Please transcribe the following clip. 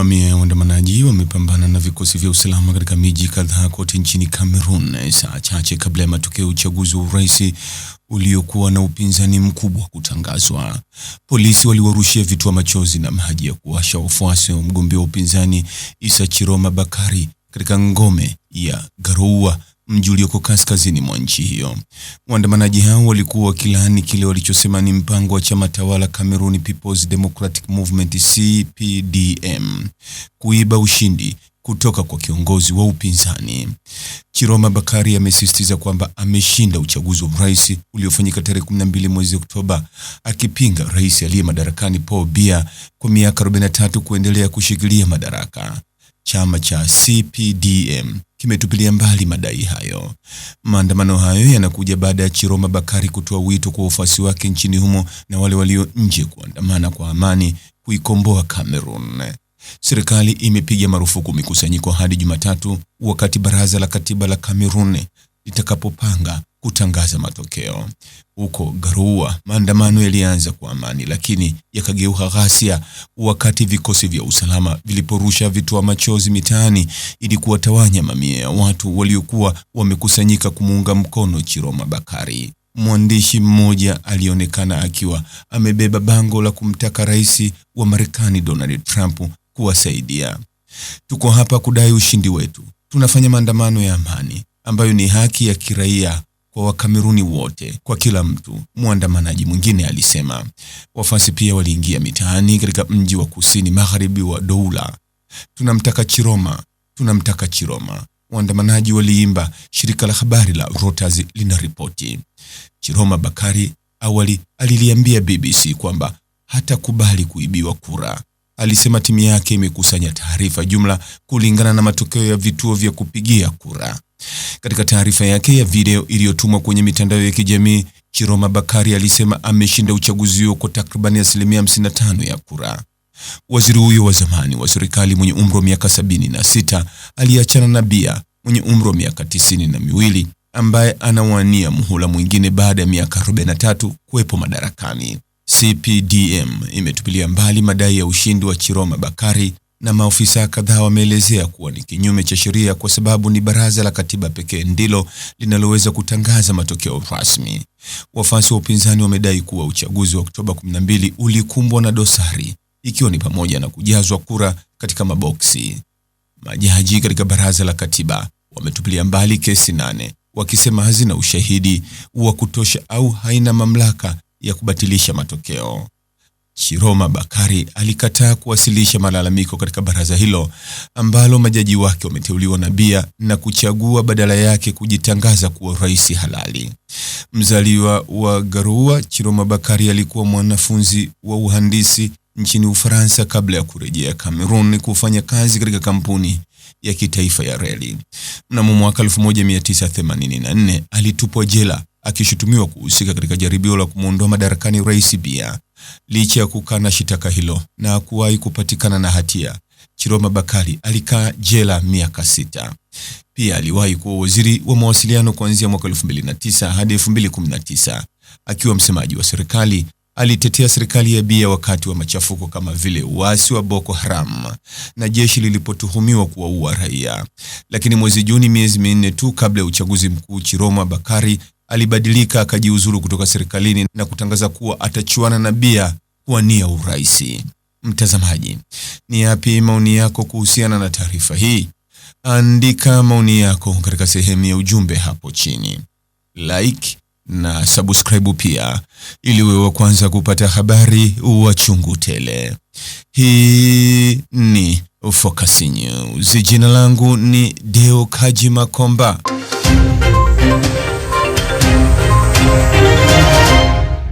Mamia ya waandamanaji wamepambana na vikosi vya usalama katika miji kadhaa kote nchini Cameroon, saa chache kabla ya matokeo ya uchaguzi wa urais uliokuwa na upinzani mkubwa kutangazwa. Polisi waliwarushia vitoa machozi na maji ya kuwasha wafuasi wa mgombea wa upinzani Issa Chiroma Bakari katika ngome ya Garoua mji ulioko kaskazini mwa nchi hiyo. Waandamanaji hao walikuwa wakilaani kile walichosema ni mpango wa chama tawala Cameroon People's Democratic Movement CPDM kuiba ushindi kutoka kwa kiongozi wa upinzani. Chiroma Bakari amesisitiza kwamba ameshinda uchaguzi wa urais uliofanyika tarehe 12 mwezi Oktoba, akipinga rais aliye madarakani Paul Biya kwa miaka 43 kuendelea kushikilia madaraka. Chama cha CPDM kimetupilia mbali madai hayo. Maandamano hayo yanakuja baada ya Chiroma Bakari kutoa wito kwa wafuasi wake nchini humo na wale walio nje kuandamana kwa amani kuikomboa Cameroon. Serikali imepiga marufuku mikusanyiko hadi Jumatatu, wakati baraza la katiba la Cameroon litakapopanga kutangaza matokeo. Huko Garua, maandamano yalianza kwa amani, lakini yakageuka ghasia wakati vikosi vya usalama viliporusha vitoa machozi mitaani ili kuwatawanya mamia ya watu waliokuwa wamekusanyika kumuunga mkono Chiroma Bakari. Mwandishi mmoja alionekana akiwa amebeba bango la kumtaka rais wa Marekani Donald Trump kuwasaidia. Tuko hapa kudai ushindi wetu. Tunafanya maandamano ya amani ambayo ni haki ya kiraia kwa Wakameruni wote, kwa kila mtu, mwandamanaji mwingine alisema. Wafuasi pia waliingia mitaani katika mji wa kusini magharibi wa Douala. Tunamtaka Chiroma, tunamtaka Chiroma, waandamanaji waliimba. Shirika la habari la Reuters linaripoti. Chiroma Bakari awali aliliambia BBC kwamba hatakubali kuibiwa kura. Alisema timu yake imekusanya taarifa jumla kulingana na matokeo ya vituo vya kupigia kura. Katika taarifa yake ya video iliyotumwa kwenye mitandao ya kijamii, Chiroma Bakari alisema ameshinda uchaguzi huo kwa takribani asilimia 55 ya kura. Waziri huyo wa zamani wa serikali mwenye umri wa miaka 76 aliachana na Bia mwenye umri wa miaka tisini na miwili ambaye anawania muhula mwingine baada ya miaka 43 kuwepo madarakani. CPDM imetupilia mbali madai ya ushindi wa Chiroma Bakari na maofisa kadhaa wameelezea kuwa ni kinyume cha sheria kwa sababu ni Baraza la Katiba pekee ndilo linaloweza kutangaza matokeo rasmi. Wafuasi wa upinzani wamedai kuwa uchaguzi wa Oktoba 12 ulikumbwa na dosari, ikiwa ni pamoja na kujazwa kura katika maboksi. Majaji katika Baraza la Katiba wametupilia mbali kesi nane, wakisema hazina ushahidi wa kutosha au haina mamlaka ya kubatilisha matokeo. Chiroma Bakari alikataa kuwasilisha malalamiko katika baraza hilo ambalo majaji wake wameteuliwa na bia na kuchagua badala yake kujitangaza kuwa rais halali. Mzaliwa wa Garua, Chiroma Bakari alikuwa mwanafunzi wa uhandisi nchini Ufaransa kabla ya kurejea Kamerun kufanya kazi katika kampuni ya kitaifa ya reli. Mnamo mwaka 1984 alitupwa jela akishutumiwa kuhusika katika jaribio la kumwondoa madarakani Rais Bia. Licha ya kukana shitaka hilo na kuwahi kupatikana na hatia, Chiroma Bakari alikaa jela miaka sita. Pia aliwahi kuwa waziri wa mawasiliano kuanzia mwaka 2009 hadi 2019. Akiwa msemaji wa serikali, alitetea serikali ya Biya wakati wa machafuko kama vile uasi wa Boko Haram na jeshi lilipotuhumiwa kuwaua raia. Lakini mwezi Juni, miezi minne tu kabla ya uchaguzi mkuu, Chiroma Bakari alibadilika akajiuzuru kutoka serikalini na kutangaza kuwa atachuana na Biya kuwania urais. Mtazamaji, ni yapi maoni yako kuhusiana na taarifa hii? Andika maoni yako katika sehemu ya ujumbe hapo chini, like na subscribe pia, ili uwe wa kwanza kupata habari wa chungu tele. Hii ni Focus News. Jina langu ni Deo Kaji Makomba.